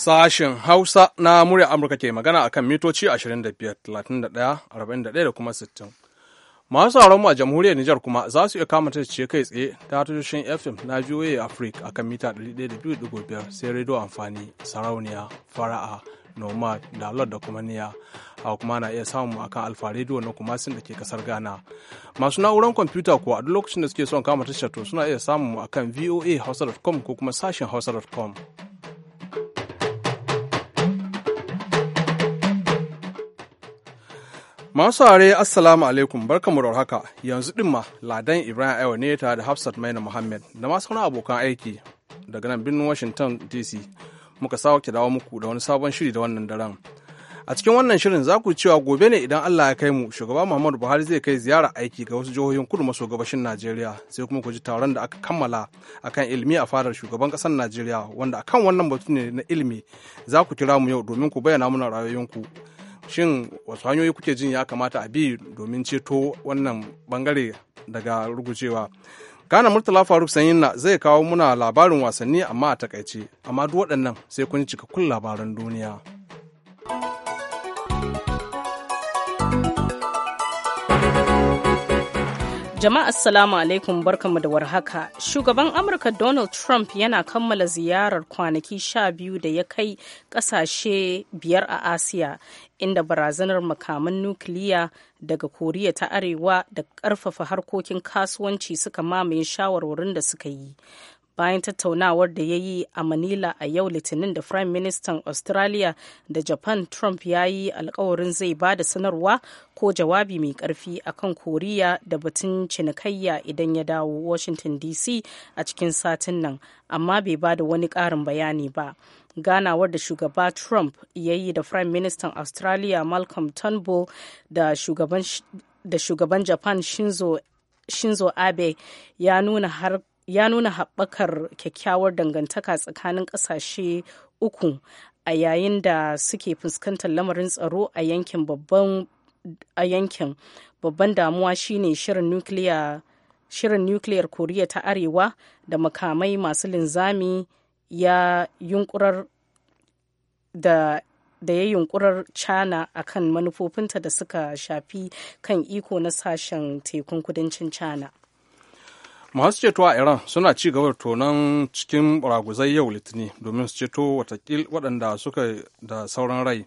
Sashen Hausa na murya Amurka ke magana akan mitoci 25, 31, 41 da kuma 60. Masu sauranmu a jamhuriyar Nijar kuma za su iya kamata ce kai tsaye ta tashoshin FM na VOA Africa akan mita 102.5 sai rediyo amfani sarauniya fara'a nomad da da kuma niya a kuma na iya samu akan alfa rediyo na kuma sun da ke kasar ghana masu na'urar kwamfuta kuwa a duk lokacin da suke son kama tashar to suna iya samu akan voa hausa.com ko kuma sashen hausa.com Masu are assalamu alaikum barkamu da haka yanzu din ma ladan Ibrahim Aiwa ne tare da Hafsat Maina Muhammad da masu sauran abokan aiki daga nan birnin Washington DC muka sake dawo muku da wani sabon shiri da wannan daren. A cikin wannan shirin za ku cewa gobe ne idan Allah ya kai mu shugaba Muhammadu Buhari zai kai ziyara aiki ga wasu jihohin kudu maso gabashin Najeriya sai kuma ku ji taron da aka kammala akan ilimi a fadar shugaban kasar Najeriya wanda akan wannan batu ne na ilimi za ku kira mu yau domin ku bayyana mana ra'ayoyinku. ku. shin wasu hanyoyi kuke jin ya kamata a bi domin ceto wannan bangare daga rugucewa gana Murtala Faruk Sanyinna zai kawo muna labarin wasanni amma a takaice, amma duk waɗannan sai kun cikakkun labaran duniya. Jama'a Assalamu alaikum barkanmu da warhaka. Shugaban Amurka Donald Trump yana kammala ziyarar kwanaki sha biyu da ya kai kasashe biyar a Asiya inda barazanar makaman nukiliya daga Koriya ta Arewa da ƙarfafa harkokin kasuwanci suka mamaye shawarwarin da suka yi. bayan tattaunawar da ya yi a manila a yau litinin da prime minister australia da japan trump ya yi alkawarin zai ba da sanarwa ko jawabi mai karfi kan koriya da batun cinikayya idan ya dawo washington dc a cikin satin nan amma bai ba da wani karin bayani ba ganawar da shugaba trump ya yi da prime minister australia malcolm turnbull da shugaban japan shinzo Shinzo Abe ya nuna har ya nuna haɓakar kyakkyawar dangantaka tsakanin ƙasashe uku a yayin da suke fuskantar lamarin tsaro a yankin babban a yankin babban damuwa shine shirin nukiliya shirin nukiliyar koriya ta arewa da makamai masu linzami ya yunkurar da da ya yunkurar china a kan manufofinta da suka shafi kan iko na sashen tekun kudancin china masu ceto a iran suna ci gaba da tonon cikin raguzai yau litinin domin su ceto watakil waɗanda suka da sauran rai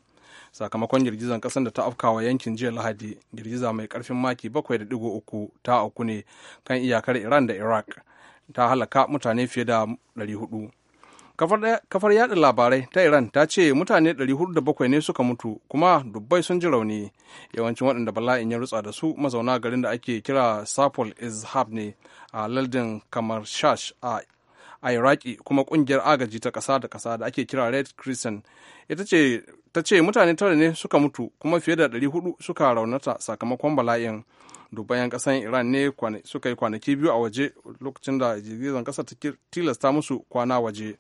sakamakon girgizan ƙasar da ta afkawa yankin jiya lahadi girgiza mai karfin maki 7.3 ta auku ne kan iyakar iran da iraq ta halaka mutane fiye da 400 kafar yaɗa labarai ta iran ta ce mutane 407 ne suka mutu kuma dubbai sun ji rauni yawancin waɗanda bala'in ya rutsa da su mazauna garin da ake kira sapol izhab ne a lardin kamar shash a iraki kuma kungiyar agaji ta kasa da kasa da ake kira red crescent ita ce ta ce mutane tara ne suka mutu kuma fiye da 400 suka raunata sakamakon bala'in dubban 'yan kasan iran ne suka yi kwanaki biyu a waje lokacin da jirgin kasa ta tilasta musu kwana waje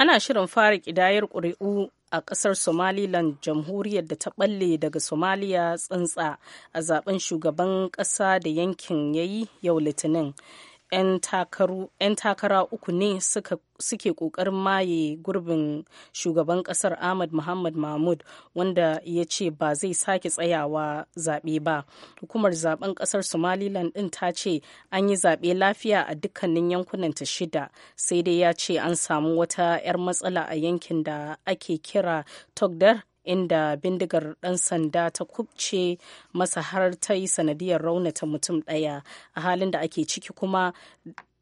ana shirin fara kidayar ƙuri'u a ƙasar somaliland jamhuriyar da ta ɓalle daga somaliya tsuntsa a zaben shugaban ƙasa da yankin yayi yau litinin 'yan takara uku ne suke ƙoƙarin maye gurbin shugaban ƙasar ahmad muhammad mahmud wanda ya ce ba zai sake tsayawa zaɓe ba hukumar zaben ƙasar somaliland ɗin ta ce an yi zaɓe lafiya a dukkanin yankunan ta shida sai dai ya ce an samu wata 'yar matsala a yankin da ake kira togdar inda bindigar ɗan sanda ta kubce masa har ta yi sanadiyar raunata mutum ɗaya a halin da ake ciki kuma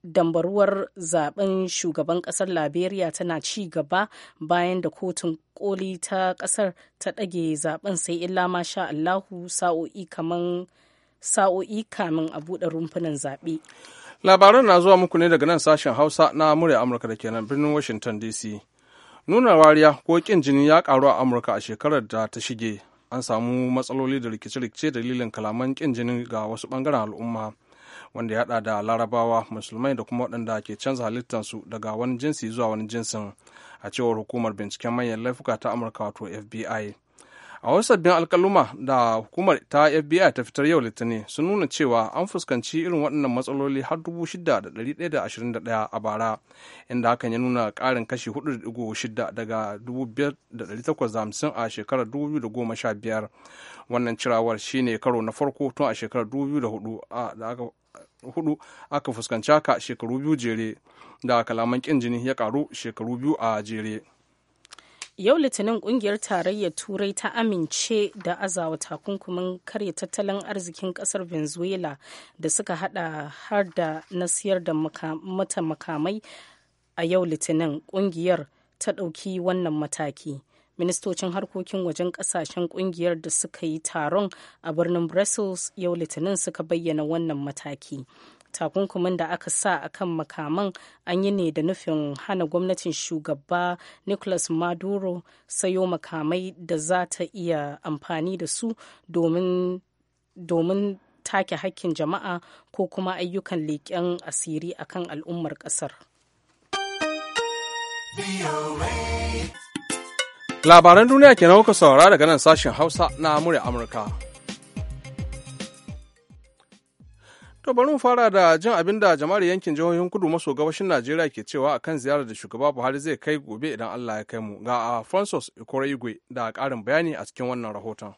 dambaruwar zaben shugaban kasar liberia tana ci gaba bayan da kotun koli ta kasar ta ɗage zaben sai illa ma sha allahu sa'o'i kamar sa'o'i kamin a buɗe rumfunan zaɓe labaran na zuwa muku ne daga nan sashen hausa na murya amurka da kenan birnin washington dc nuna wariya ko kin jini ya karu a amurka a shekarar da ta shige an samu matsaloli da rikice-rikice dalilin kalaman kin jini ga wasu bangaren al'umma wanda ya haɗa da larabawa musulmai da kuma waɗanda ke canza halittarsu daga wani jinsi zuwa wani jinsin a cewar hukumar binciken manyan laifuka ta amurka wato fbi a wasu sabbin alkaluma da hukumar ta fbi ta fitar yau litinin sun nuna cewa an fuskanci irin waɗannan matsaloli har 6,121 a bara inda hakan ya nuna ƙarin kashi 4.6 daga 5,850 a shekarar 2015 wannan cirawar shine karo na farko tun a shekarar 2004 hudu aka fuskanci haka shekaru biyu jere da kalaman kin jini ya karu shekaru biyu a jere yau litinin kungiyar tarayyar turai ta amince da azawa takunkumin karya tattalin arzikin kasar venezuela da suka hada har da na siyar da mata makamai a yau litinin kungiyar ta dauki wannan mataki ministocin harkokin wajen kasashen kungiyar da suka yi taron a birnin brussels yau litinin suka bayyana wannan mataki takunkumin da aka sa a kan makaman an yi ne da nufin hana gwamnatin shugaba nicolas maduro sayo makamai da za ta iya amfani da su domin take hakkin jama'a ko kuma ayyukan leƙen asiri akan al'ummar ƙasar. Labaran duniya ke kuka saurara daga nan sashen Hausa na murya Amurka. To bari mu fara da jin abin da jama'ar yankin jihohin kudu maso gabashin Najeriya ke cewa akan ziyarar da shugaba Buhari zai kai gobe idan Allah ya kai mu ga Francis Ikoro Igwe da ƙarin bayani a cikin wannan rahoton.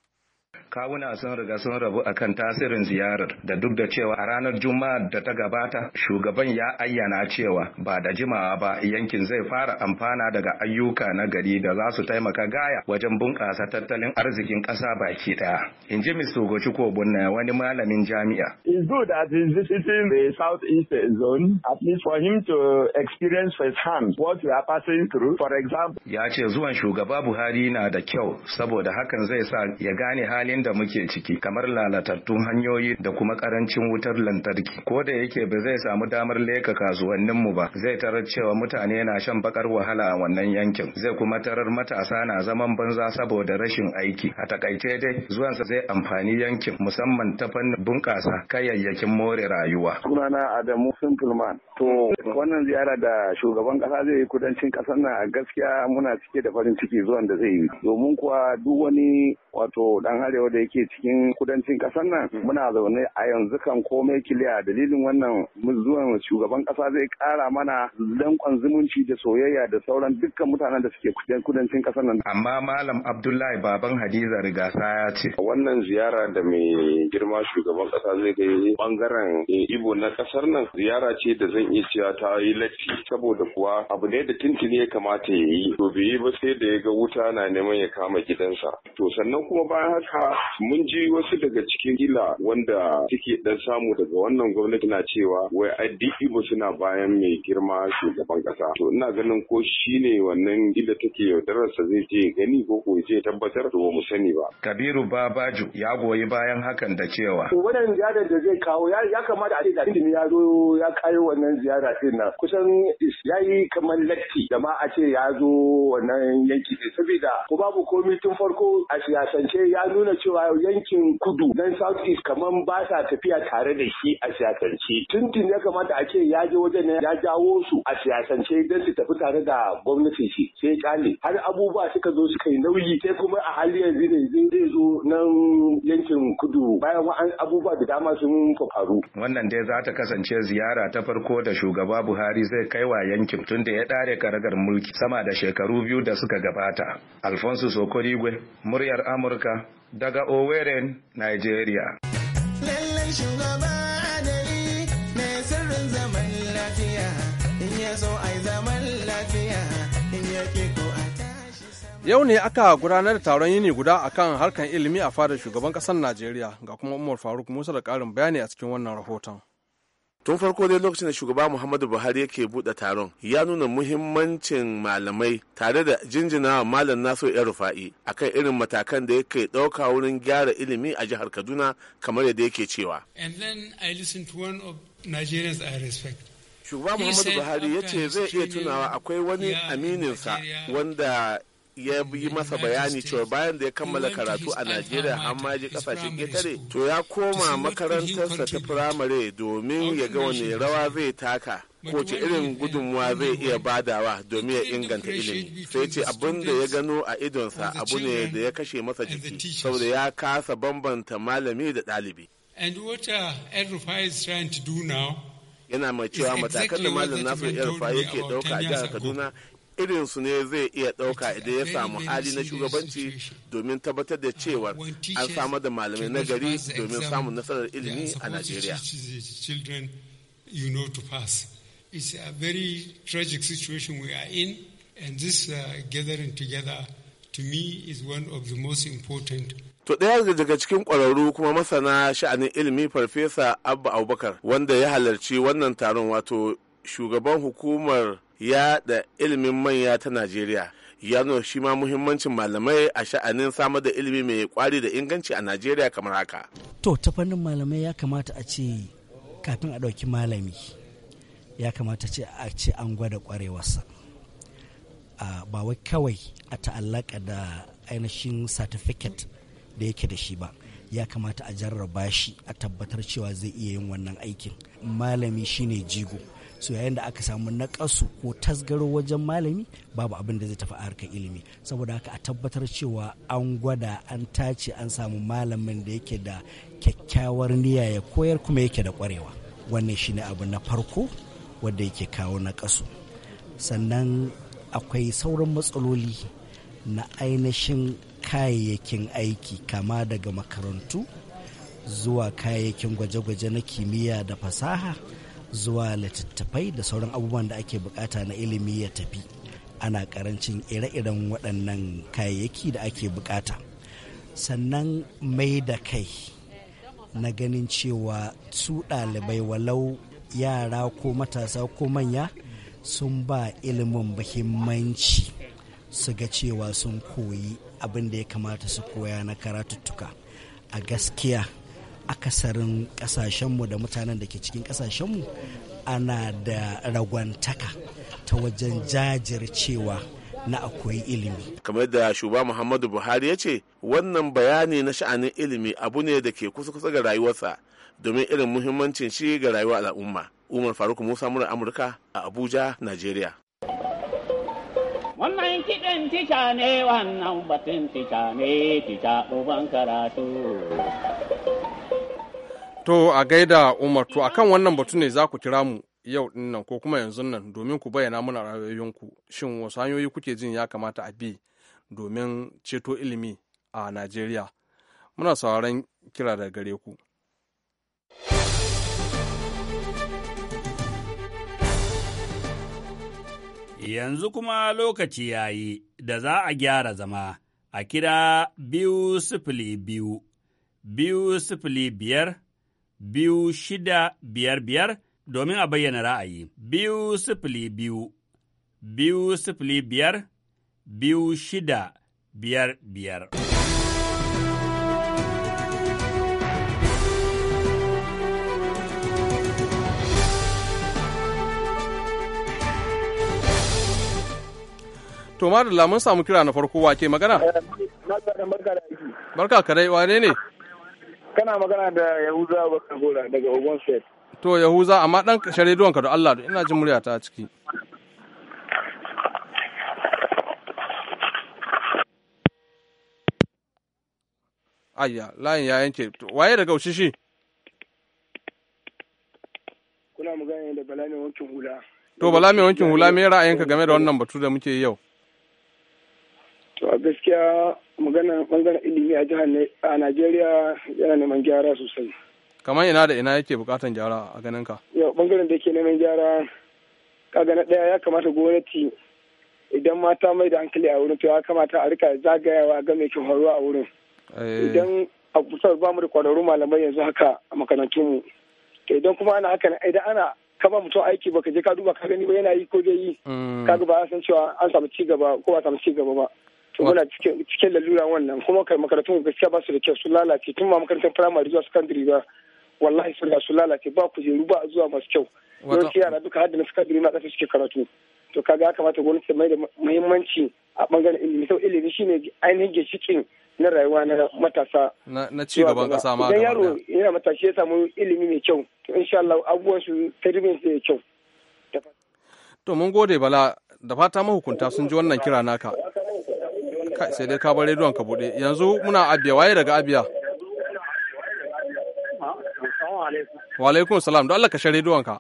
kawuna sun riga sun rabu a kan tasirin ziyarar da duk da cewa a ranar Juma'a da ta gabata shugaban ya ayyana cewa ba da jimawa ba yankin zai fara amfana daga ayyuka na gari da za su taimaka gaya wajen bunƙasa tattalin arzikin ƙasa baki ɗaya. In ji Mr. ko Bunna wani malamin jami'a. is good as is visiting the south-east zone at least for him to experience first-hand what we are passing through for example. Ya ce zuwan shugaba Buhari na da kyau saboda hakan zai sa ya gane halin halin da muke ciki kamar lalatattun hanyoyi da kuma karancin wutar lantarki ko da yake ba zai samu damar leka kasuwannin mu ba zai tarar cewa mutane na shan bakar wahala a wannan yankin zai kuma tarar matasa na zaman banza saboda rashin aiki a takaice dai zuwan sa zai amfani yankin musamman ta fannin bunƙasa kayayyakin more rayuwa sunana Adamu Simpleman to wannan ziyara da shugaban kasa zai yi kudancin kasar na gaskiya muna cike da farin ciki zuwan da zai yi domin kuwa duk wani wato dan arewa da yake cikin kudancin kasar nan hmm. muna zaune a yanzu kan komai kiliya dalilin wannan zuwan shugaban kasa zai kara mana danƙon zumunci da soyayya da sauran dukkan mutanen da suke kudancin kasar nan. Amma Malam Abdullahi Baban Hadiza Rigasa ya ce. Wannan ziyara da mai girma shugaban kasa zai kai bangaren eh, Ibo na kasar nan ziyara ce da zan iya cewa ta yi latti saboda kuwa abu ne da tintini ya kamata ya yi. To bai ba sai da ya ga wuta na neman ya kama gidansa. To sannan kuma bayan haka mun ji wasu daga cikin gila wanda suke dan samu daga wannan gwamnati na cewa wai addini suna bayan mai girma shugaban kasa to ina ganin ko shi ne wannan gila take sa zai je gani ko ko je tabbatar da ba mu sani ba kabiru babaju ya goyi bayan hakan da cewa wannan ziyarar da zai kawo ya kamata a ce da ya zo ya kayo wannan ziyara din nan kusan ya yi kamar latti da ma a ce ya zo wannan yanki saboda ko babu komai tun farko a siyasance ya nuna cewa cewa yankin kudu na south east kamar ba sa tafiya tare da shi a siyasance tuntun ya kamata a ce ya je wajen ya jawo su a siyasance don su tafi tare da gwamnati shi sai kyale har abubuwa suka zo suka yi nauyi sai kuma a hali yanzu ne zai zo nan yankin kudu bayan wa'an abubuwa da dama sun faru wannan dai za ta kasance ziyara ta farko da shugaba buhari zai kai wa yankin tun da ya dare karagar mulki sama da shekaru biyu da suka gabata alfonso sokoligwe muryar amurka daga oweren Nigeria. Lallai shugaba adali mai sirrin zaman lafiya, in ya so ai zaman lafiya, in ya ke ko a Yau ne aka gudanar da taron yini guda akan harkar ilimi a fadar shugaban ƙasar Najeriya ga kuma Umar Faruk Musa da ƙarin bayani a cikin wannan rahoton. tun farko dai lokacin da shugaba muhammadu buhari yake buɗe taron ya nuna muhimmancin malamai tare da jinjina malam naso ya rufa'i akan irin matakan da yake ɗauka wurin gyara ilimi a jihar kaduna kamar yadda yake cewa shugaba muhammadu buhari ya ce zai iya tunawa akwai wani aminin sa wanda ya yi masa bayani cewa bayan da ya kammala karatu a Najeriya har ma ji kasashen ƙetare to ya koma makarantarsa ta firamare domin ya ga wani rawa zai taka ko ce irin gudunmuwa zai iya badawa domin ya inganta ilimi sai ce abin da ya gano a idonsa abu ne da ya kashe masa jiki saboda ya kasa bambanta malami da ɗalibi. Uh, yana mai cewa matakan da malam nasiru yarfa yake dauka a jihar kaduna irinsu ne zai iya ɗauka idan ya samu hali na shugabanci domin tabbatar da cewar an samar da malamai na gari domin samun nasarar ilimi a Najeriya. It's a very tragic situation we are in, and this uh, gathering together to me is one of the most important To ɗaya daga cikin ƙwararru kuma masana sha'anin ilimi Farfesa Abba Abubakar wanda ya halarci wannan taron wato shugaban hukumar ya da ilimin manya ta najeriya ya nuna shi ma muhimmancin malamai a sha'anin samar da ilimi mai kwari da inganci a najeriya kamar haka to ta fannin malamai ya kamata a ce kafin a ɗauki malami ya kamata ce a ce an gwada kwarewarsa ba wai kawai a ta'allaka da ainihin certificate da yake da shi ba ya kamata a jarraba shi a tabbatar cewa zai iya yin wannan aikin malami shine jigo su yayin da aka samu naƙasu ko tasgaro wajen malami babu abin da zai tafi a harkar ilimi saboda haka a tabbatar cewa an gwada an tace an samu malamin da yake da kyakkyawar niyya ya koyar kuma yake da kwarewa wannan shine abu na farko wanda yake kawo naƙasu sannan akwai sauran matsaloli na ainihin kayayyakin aiki kama daga makarantu zuwa kayayyakin gwaje-gwaje na kimiyya da fasaha zuwa littattafai da sauran abubuwan da ake bukata na ilimi ya tafi ana karancin ire-iren waɗannan kayayyaki da ake bukata sannan mai da kai na ganin cewa su ɗalibai walau yara ko matasa ko manya sun ba ilimin muhimmanci su ga cewa sun koyi abin da ya kamata su koya na karatuttuka a gaskiya akasarin kasashenmu da mutanen da ke cikin kasashenmu ana da ragwantaka ta wajen jajircewa na akwai ilimi. Kamar da shuba Muhammadu Buhari ya ce, wannan bayani na sha'anin ilimi abu ne da ke kusa-kusa ga rayuwarsa domin irin muhimmancin shi ga rayuwar al'umma. Umar Faruk Musa mura Amurka a Abuja, Najeriya. Wannan kiɗan tica ne wannan batun tica ne tica ɗuban karatu. To a gaida Umar, akan wannan batu ne za ku kira mu yau dinnan ko kuma yanzu nan domin ku bayyana mana ra'ayoyinku shin wasu hanyoyi kuke jin ya kamata a bi domin ceto ilimi a Najeriya. Muna sauraron kira da gare ku. Yanzu kuma lokaci ya yi da za a gyara zama a kira biyu sifili biyu, biyu sifili biyar biyu shida biyar biyar domin a bayyana ra'ayi. Biyu sifili biyu, biyu sifili biyar, biyu shida biyar biyar. Tomar, da mun samu kira na farko wake magana? Eh, Barka kadai wane ne? kana magana da yahuza bakar gora daga ogun state to yahuza amma dan share ka da allah ina jin murya ta ciki ayya layin ya yanke waye daga ushishi kuna magana da bala mai wankin hula to bala mai wankin hula me ra'ayinka game da wannan batu da muke yi yau to a gaskiya magana bangaren ilimi a jihar a najeriya yana neman gyara sosai kamar ina da ina yake bukatan gyara a ganin ka yau bangaren da yake neman gyara kaga na daya ya kamata gwamnati idan mata mai da hankali a wurin to ya kamata a rika zagayawa ga mai kyau horo a wurin eh. idan a kusa ba mu da kwararru malamai yanzu haka a makarantunmu to idan kuma ana haka idan ana kama mutum aiki baka je ka duba ka gani ba yana yi ko bai yi mm. kaga ba san cewa an samu ci gaba ko ba samu ci gaba ba su muna cikin lalura wannan kuma kai makarantun gaskiya ba su da kyau su lalace tun ma makarantar firamare zuwa sakandare ba wallahi sun su lalace ba kujeru ba zuwa masu kyau don yawanci yara duka hadda na sakandare na kasa suke karatu to kaga ya kamata gwamnati ta mai da muhimmanci a bangaren ilimi sau ilimi shine ainihin ginshikin na rayuwa na matasa na ci gaban kasa ma idan yaro yana matashi ya samu ilimi mai kyau to insha Allah abubuwan su tarbiyyar su kyau to mun gode bala da fata mahukunta sun ji wannan kira naka sai dai ka bar rediyon ka bude yanzu muna abiya waye daga abiya wa alaikum salam don Allah ka share rediyon ka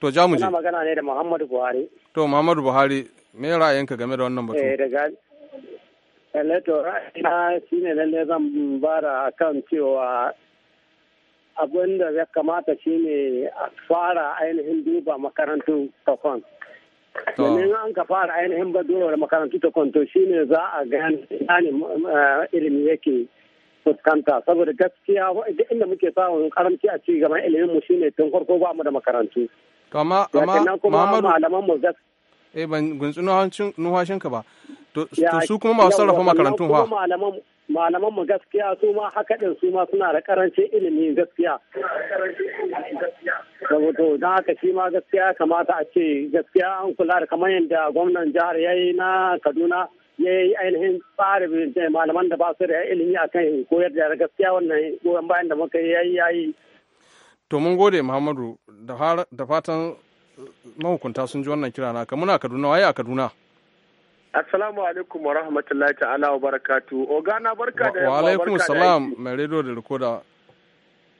to ja mu je magana ne da Muhammadu Buhari to Muhammadu Buhari me ra'ayinka game da wannan batu eh daga lalle to ra'ayina shine lalle zan bara akan cewa abin da ya kamata shine a fara ainihin duba makarantun kafan domin an ka fara ainihin badurwar makarantu ta kwanto shine za a gane eh, ilimi yake fuskanta saboda gaskiya duk inda muke samun karamci a ci gaban ilimin mu shine tun farko ba mu da makarantu. Amma amma malaman mu gaskiya eh ban gunsu numfashinka ba to su kuma masu sarrafa makarantun fa malaman mu gaskiya su ma haka din su ma suna da karancin ilimi gaskiya saboda don haka shi ma gaskiya kamata a ce gaskiya an kula da kamar yadda gwamnan jihar ya yi na kaduna ya yi ainihin tsarin malaman da ba su da ilimi a kan koyar da gaskiya wannan goyon bayan da muka yi ya yi to mun gode muhammadu da fatan mahukunta sun ji wannan kirana naka muna Kaduna waye a Kaduna Assalamu alaikum wa rahmatullahi ta'ala wa barakatu. Ogana barka da yamma barka salam mai rediyo da rikoda.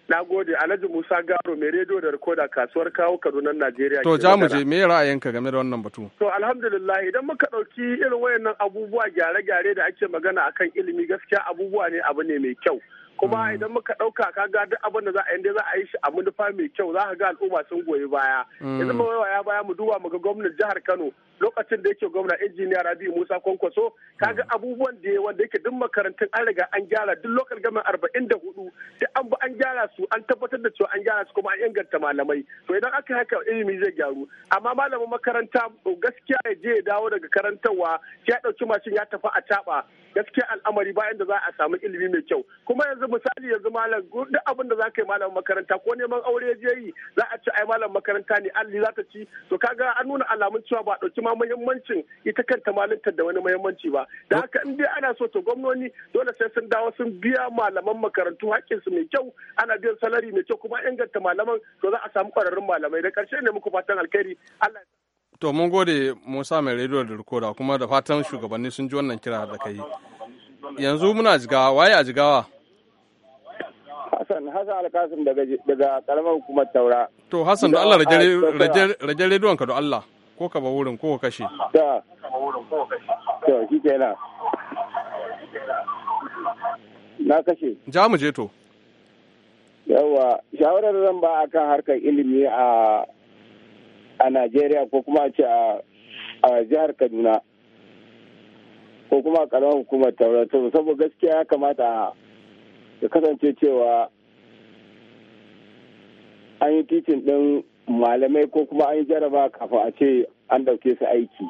Na gode Alhaji Musa Garo mai rediyo da rikoda kasuwar kawo Kaduna Najeriya. To ja mu je me ra'ayinka game da wannan batu? To alhamdulillah idan muka ɗauki irin wayannan abubuwa gyare-gyare da ake magana akan ilimi gaskiya abubuwa ne abu ne mai kyau. kuma mm. idan muka ɗauka ka ga duk abin da za a yi za a yi shi a manufa mai kyau za ka ga al'umma sun goyi baya yanzu mawaya mm. baya mu duba mu ga gwamnan jihar Kano lokacin da yake gwamna injiniya rabi musa kwankwaso kaga mm. abubuwan da wanda yake duk makarantun an riga an gyara duk lokacin gama arba'in da hudu da an bi an gyara su an tabbatar da cewa an gyara su kuma an inganta malamai to idan aka haka ilimi zai gyaru amma malamin makaranta gaskiya ya je ya dawo daga karantarwa ya dauki mashin ya tafi a caba gaskiya al'amari bayan da za a samu ilimi mai kyau kuma yanzu misali yanzu malam duk abin da za yi malamin makaranta ko neman aure je yi za a ci ai malamin makaranta ne alli za ta ci to kaga an nuna alamun cewa ba ɗauki ma ma muhimmancin ita kanta malintar da wani muhimmanci ba da haka in dai ana so to gwamnoni dole sai sun dawo sun biya malaman makarantu haƙƙinsu mai kyau ana biyan salari mai kyau kuma inganta malaman to za a samu ƙwararrun malamai da ƙarshe ne muku fatan alkhairi Allah to mun gode Musa mai rediyo da rikoda kuma da fatan shugabanni sun ji wannan kira da kai yanzu muna jigawa waye a jigawa Hassan Hassan Alkasim daga karamar hukumar Taura to Hassan da Allah rage rediyon ka da Allah ko ka ba wurin ko ka kashe da to shi kenan na kashe ja mu je to yawa shawarar zan ba kan harkar ilimi a a Najeriya ko kuma ce a jihar Kaduna ko kuma a karamar hukumar taurata saboda gaskiya ya kamata ya kasance cewa an yi titin ɗin malamai ko kuma an yi jaraba kafin a ce an ɗauke su aiki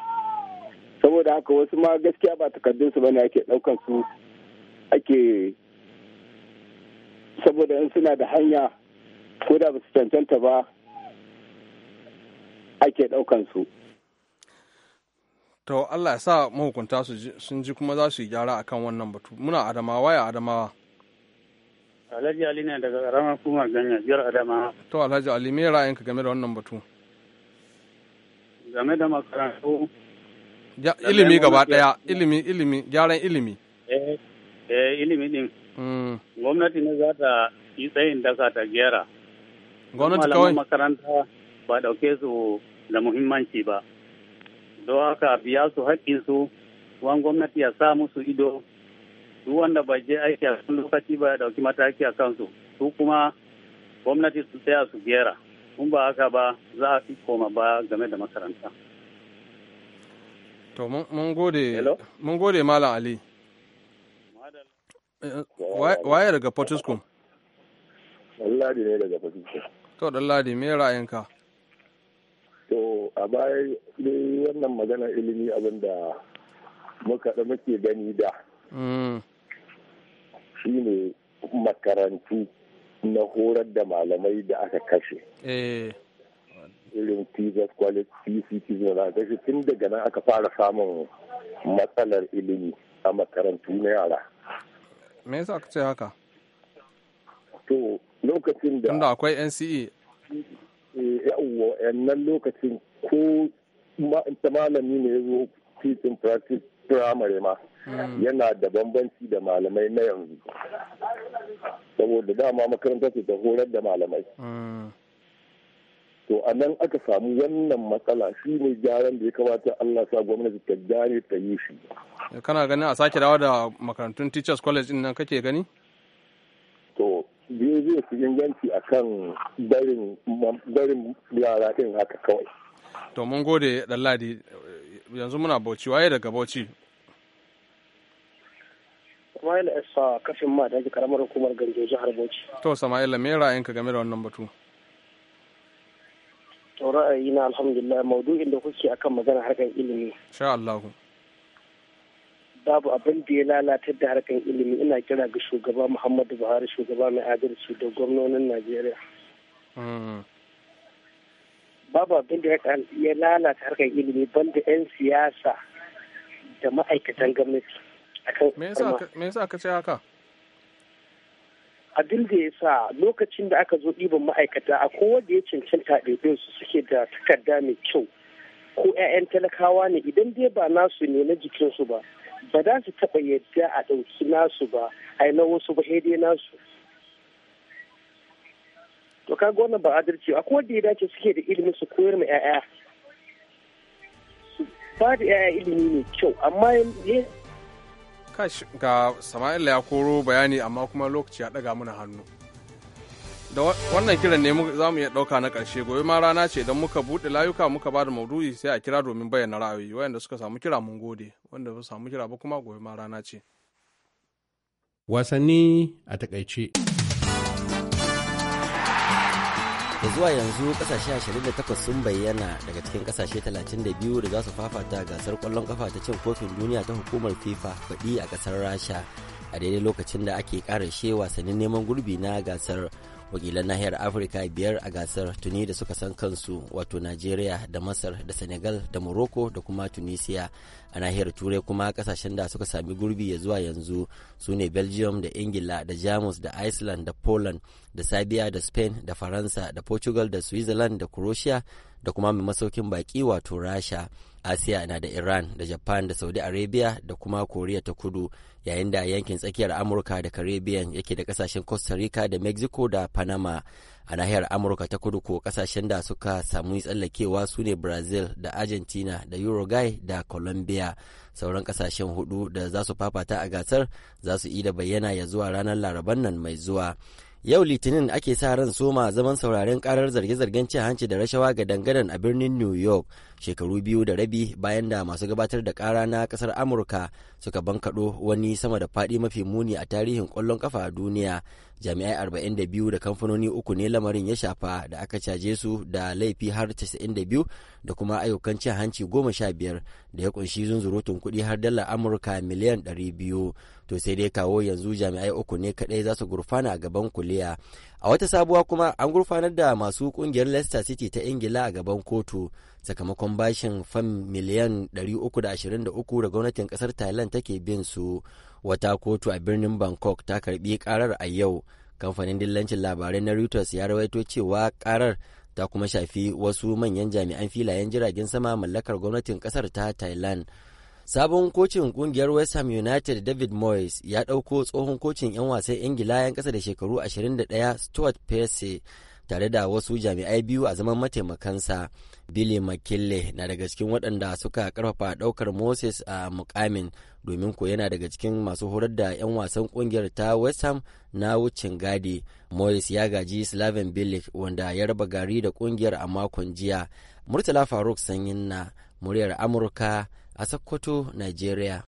saboda haka wasu ma gaskiya ba takardunsu ba ne ake ɗaukan su ake saboda in suna da hanya ko da basu cancanta ba ake ɗaukan su to Allah ya sa mahukunta sun ji kuma za su yi gyara akan wannan batu muna adamawa ya adamawa Alhaji Ali ne daga ƙaramar hukumar ganyar biyar Adama. To Alhaji Ali me ra'ayinka game da wannan batu? Game da makarantu. ilimi gaba ɗaya, ilimi, ilimi, gyaran ilimi. Eh, eh ilimi din. Hmm. Gwamnati ne za ta yi tsayin daka ta gyara. Gwamnati kawai. makaranta ba ɗauke su da muhimmanci ba. Don haka biya su haƙƙinsu, wani gwamnati ya sa musu ido duk wanda ba je aiki a cikin lokaci ba ya dauki mataki a kansu su kuma gwamnati su tsaya su gera in ba haka ba za a fi koma ba game da makaranta to mun gode malam ali waye daga potiskum ladi ne daga potiskum to dan ladi me ra'ayinka to a baya dai wannan magana ilimi abin da muka da muke gani da mm. shine makarantu na horar da malamai da aka kashe eh. irin Tizas college cct na kashe tun daga nan aka fara samun matsalar ilimi a makarantu na yara me yasa aka ce haka to lokacin da Tunda akwai nce eh, yawwa yannan lokacin ko malami ne ya zo titin practice primary ma Hmm. yana da bambanci da malamai na yanzu saboda dama makaranta ce ta horar da malamai hmm. to a aka samu wannan matsala shi ne gyaran da ya kamata Allah sa gwamnati ta gane ta yi shi kana ganin a sake dawo da makarantun teachers college din nan kake gani to biyu zai su inganci akan barin barin yara din haka kawai to mun gode ladi yanzu muna bauchi waye daga bauchi Ismail Esa kafin ma da karamar hukumar Ganjo jihar Bauchi. To Sama'ila me ra'ayinka game da wannan batu? To ra'ayi na alhamdulillah maudu'in da kuke akan magana harkar ilimi. Sha Allah. Babu abin da ya lalata da harkar ilimi ina kira ga shugaba Muhammadu Buhari shugaba mai adalci da gwamnonin Najeriya. Hmm. Babu abin da ya lalata harkar ilimi banda 'yan siyasa da ma'aikatan gwamnati. me yasa ka ce haka abin da ya sa lokacin da aka zo ɗiban ma'aikata a kowa da ya cancanta ɗaiɗin su suke da takarda mai kyau ko 'ya'yan talakawa ne idan dai ba nasu ne na jikinsu ba ba za su taɓa yadda a ɗauki nasu ba a na wasu ba dai nasu to kaga wannan ba adalci a kowa da ya dace suke da ilimin su koyar ma 'ya'ya ba da 'ya'ya ilimi mai kyau amma kash ga sama'ila ya koro bayani amma kuma lokaci ya ɗaga mana hannu da wannan kiran ne za mu iya ɗauka na ƙarshe gobe ma rana ce idan muka buɗe layuka muka ba da maudu'i sai a kira domin bayyana ra'ayoyi wayanda suka samu kira mun gode wanda ba samu kira ba kuma gobe ma rana ce wasanni a takaice da zuwa yanzu kasashe 28 sun bayyana daga cikin kasashe 32 da za su fafata gasar kwallon kafa ta cin kofin duniya ta hukumar fifa baɗi a kasar rasha a daidai lokacin da ake karashe she wasannin neman gurbi na gasar wakilan nahiyar afirka biyar a gasar tuni da suka san kansu wato najeriya da masar da senegal da morocco da kuma tunisia a nahiyar turai kuma kasashen da suka sami gurbi ya zuwa yanzu su ne belgium da ingila da jamus da iceland da poland da sabiya da spain da faransa da portugal da switzerland da croatia da kuma mai masaukin baki wato rasha asiya na da iran da japan da saudi arabia da kuma koriya ta kudu yayin da yankin tsakiyar amurka da caribbean yake da kasashen costa rica da mexico da panama a nahiyar amurka ta kudu ko kasashen da suka samu tsallakewa su ne brazil da argentina da uruguay da colombia sauran kasashen hudu da za su fafata a gasar za su da bayyana ya zuwa ranar laraban nan mai zuwa yau litinin ake sa ran soma zaman sauraren karar zarge-zargen cin hanci da rashawa ga dangadan a birnin new york shekaru biyu da rabi bayan da masu gabatar da kara na kasar amurka suka bankaɗo wani sama da faɗi mafi muni a tarihin ƙwallon kafa a duniya jami'ai 42 da kamfanoni uku ne lamarin ya shafa da aka caje su da laifi har 92 da kuma ayyukan cin hanci 15 da ya kunshi zunzurutun kuɗi har dala amurka miliyan 200 to sai dai kawo yanzu jami'ai uku ne kaɗai za su gurfana a gaban kuliya a wata sabuwa kuma an gurfanar da masu ƙungiyar leicester city ta ingila a gaban kotu sakamakon bashin fam miliyan 323 da gwamnatin kasar thailand take bin su wata kotu a birnin bangkok ta karbi karar a yau kamfanin dillancin labarai na reuters ya rawaito cewa karar ta kuma shafi wasu manyan jami'an filayen jiragen sama mallakar gwamnatin kasar ta thailand sabon kocin kungiyar west ham united david moyes ya ɗauko tsohon kocin 'yan wasan ingila 'yan kasa da shekaru 21 stuart pearce tare da wasu jami'ai biyu a zaman mataimakansa billy mckinley na daga cikin waɗanda suka karfafa ɗaukar moses a mukamin domin ko yana daga cikin masu horar da 'yan wasan ƙungiyar ta west ham na wucin gadi moses ya gaji slavin bilic wanda ya raba gari da ƙungiyar a makon jiya murtala faruk sanyin na muryar amurka a sokoto nigeria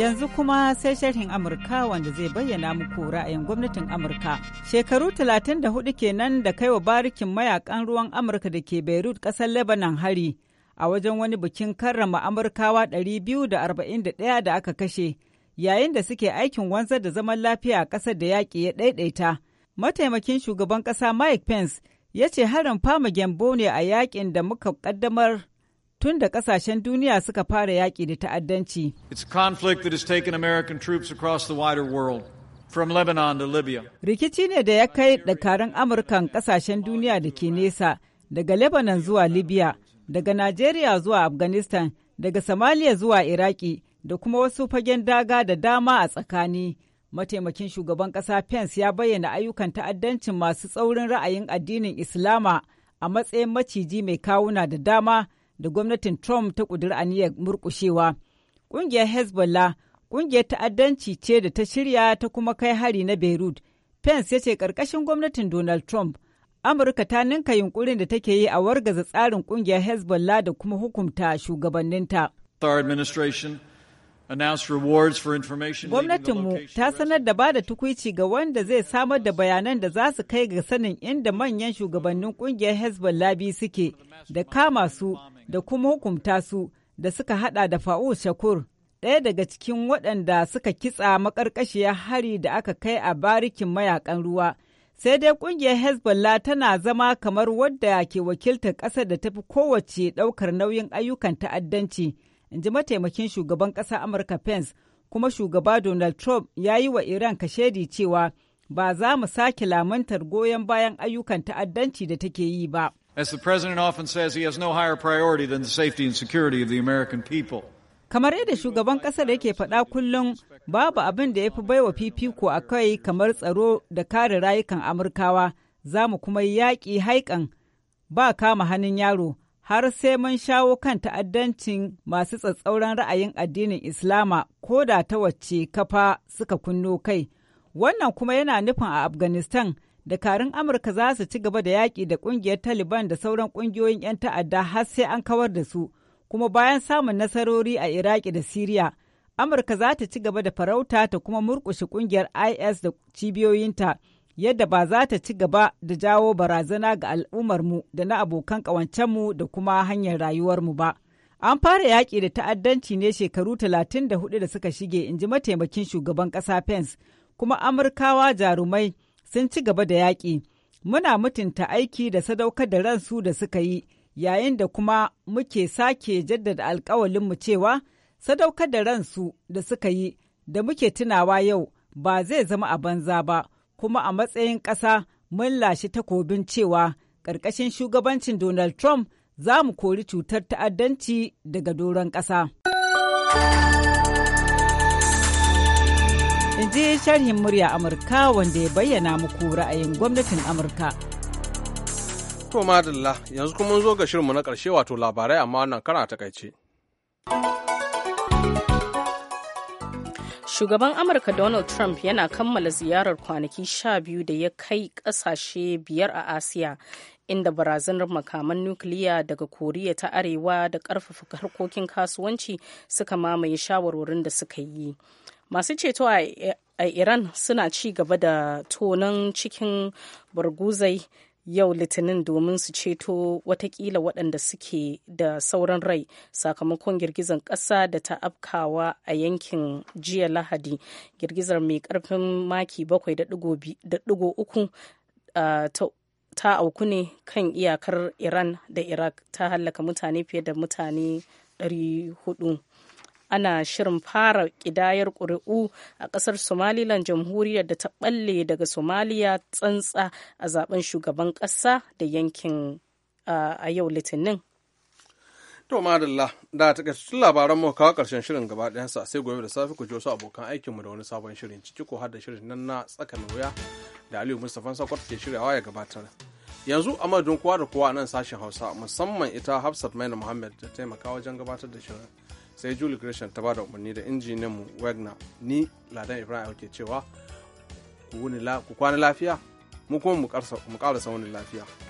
Yanzu kuma sai sharhin Amurka wanda zai bayyana muku ra'ayin gwamnatin Amurka. Shekaru 34 kenan da kaiwa barikin mayakan ruwan Amurka da ke Beirut ƙasar Lebanon hari a wajen wani bikin karrama Amurkawa 241 da aka kashe yayin da suke aikin wanzar da zaman lafiya a ƙasar da yaƙi ya ɗaiɗaita. Mataimakin shugaban ƙasa Mike Pence ya ce harin fama gyambo ne a yaƙin da muka ƙaddamar tun da kasashen duniya suka fara yaƙi da ta'addanci. It's a conflict that has taken American troops across the wider world. From Lebanon to Rikici ne da ya kai dakarun Amurkan kasashen duniya da ke nesa, daga Lebanon zuwa Libya, daga Najeriya zuwa Afghanistan, daga Somalia zuwa Iraki, da kuma wasu fagen daga da dama a tsakani. Mataimakin shugaban ƙasa Pence ya bayyana ayyukan ta'addancin masu tsaurin ra'ayin addinin Islama a matsayin maciji mai kawuna da dama da gwamnatin Trump ta a aniyar murkushewa Ƙungiyar Hezbollah ƙungiyar ta'addanci ce da ta shirya ta kuma kai hari na Beirut. Pence ya ce ƙarƙashin gwamnatin Donald Trump, Amurka ta ninka yunkurin da take yi a wargaza tsarin ƙungiyar Hezbollah da kuma hukunta shugabanninta. Gwamnatinmu ta sanar da ba da tukuici ga wanda zai samar da bayanan da za su kai ga sanin inda manyan shugabannin kungiyar Hezbollah biyu suke da kama su da kuma hukumta su da suka hada da Fa'u Shakur, ɗaya daga cikin waɗanda suka kitsa makarkashiyar hari da aka kai a barikin mayakan ruwa. Sai dai kungiyar Hezbollah tana zama kamar wadda ke wakiltar ƙasar da tafi kowace ɗaukar nauyin ayyukan ta'addanci. in ji mataimakin shugaban ƙasa Amurka Pence, kuma shugaba Donald Trump ya yi wa Iran kashedi cewa ba za mu sake lamantar goyon bayan ayyukan ta'addanci da take yi ba. As the president often says, he has no higher priority than the safety and security of the American people. Kamar yadda shugaban ƙasar yake faɗa kullum babu abin da ya fi baiwa fifiko a kai kamar tsaro da kare rayukan Amurkawa, za mu kuma yaƙi haikan ba kama hannun yaro. har sai mun shawo kan ta'addancin masu tsatsauran ra'ayin addinin Islama ko da ta wacce kafa suka kunno kai. Wannan kuma yana nufin a Afghanistan dakarun Amurka za su ci gaba da yaƙi da ƙungiyar Taliban da sauran ƙungiyoyin 'yan ta'adda har sai an kawar da su, kuma bayan samun nasarori a Iraki da Siriya, Amurka za ta ci gaba da farauta ta kuma murƙushe ƙungiyar IS da cibiyoyinta. yadda ba za ta ci gaba da jawo barazana ga al'ummarmu da na abokan ƙawancenmu da kuma hanyar rayuwarmu ba. An fara yaƙi da ta'addanci ne shekaru talatin da hudu da suka shige, in ji mataimakin shugaban ƙasa Pence, kuma Amurkawa jarumai sun ci gaba da yaƙi. Muna mutunta aiki da sadaukar da ransu da suka yi, yayin da kuma muke sake jaddada mu cewa sadaukar da ransu da suka yi da muke tunawa yau ba zai zama a banza ba. kuma a matsayin ƙasa mun lashe takobin cewa ƙarƙashin shugabancin Donald Trump za mu kori cutar ta'addanci daga doron ƙasa. In ji sharhin murya Amurka wanda ya bayyana muku ra'ayin gwamnatin Amurka. To madalla yanzu kuma mun zo ga shirinmu na ƙarshe wato labarai amma wannan kara takaice. shugaban amurka donald trump yana kammala ziyarar kwanaki sha biyu da ya kai kasashe biyar a asiya inda barazanar makaman nukiliya daga koriya ta arewa da karfafa harkokin kasuwanci suka mamaye shawarwarin da suka yi masu ceto a iran suna ci gaba da tonon cikin barguzai yau litinin domin su ceto watakila waɗanda suke da sauran rai sakamakon girgizar ƙasa da ta afkawa a yankin jiya lahadi girgizar mai ƙarfin maki 7.3 ta ta auku ne kan iyakar iran da iraq ta hallaka mutane fiye da mutane 400 ana shirin fara kidayar kuri'u a kasar somaliland jamhuriyar da ta ɓalle daga somaliya tsantsa a zaben shugaban ƙasa da yankin a yau litinin To madalla da ta labaran mu kawo karshen shirin gaba sa sai gobe da safe ku ji wasu abokan mu da wani sabon shirin ciki ko har da shirin nan na tsakanin wuya da Aliyu Mustapha Sakwat ke shiryawa ya gabatar. Yanzu a madadin kowa da kowa nan sashen Hausa musamman ita Hafsat Maina Muhammad ta taimaka wajen gabatar da shirin. sai julie gresham ta da umarni da injiniyan mu wagner ni ladan ibrahim ke cewa ku kwana lafiya mu kuma mu karasa wani lafiya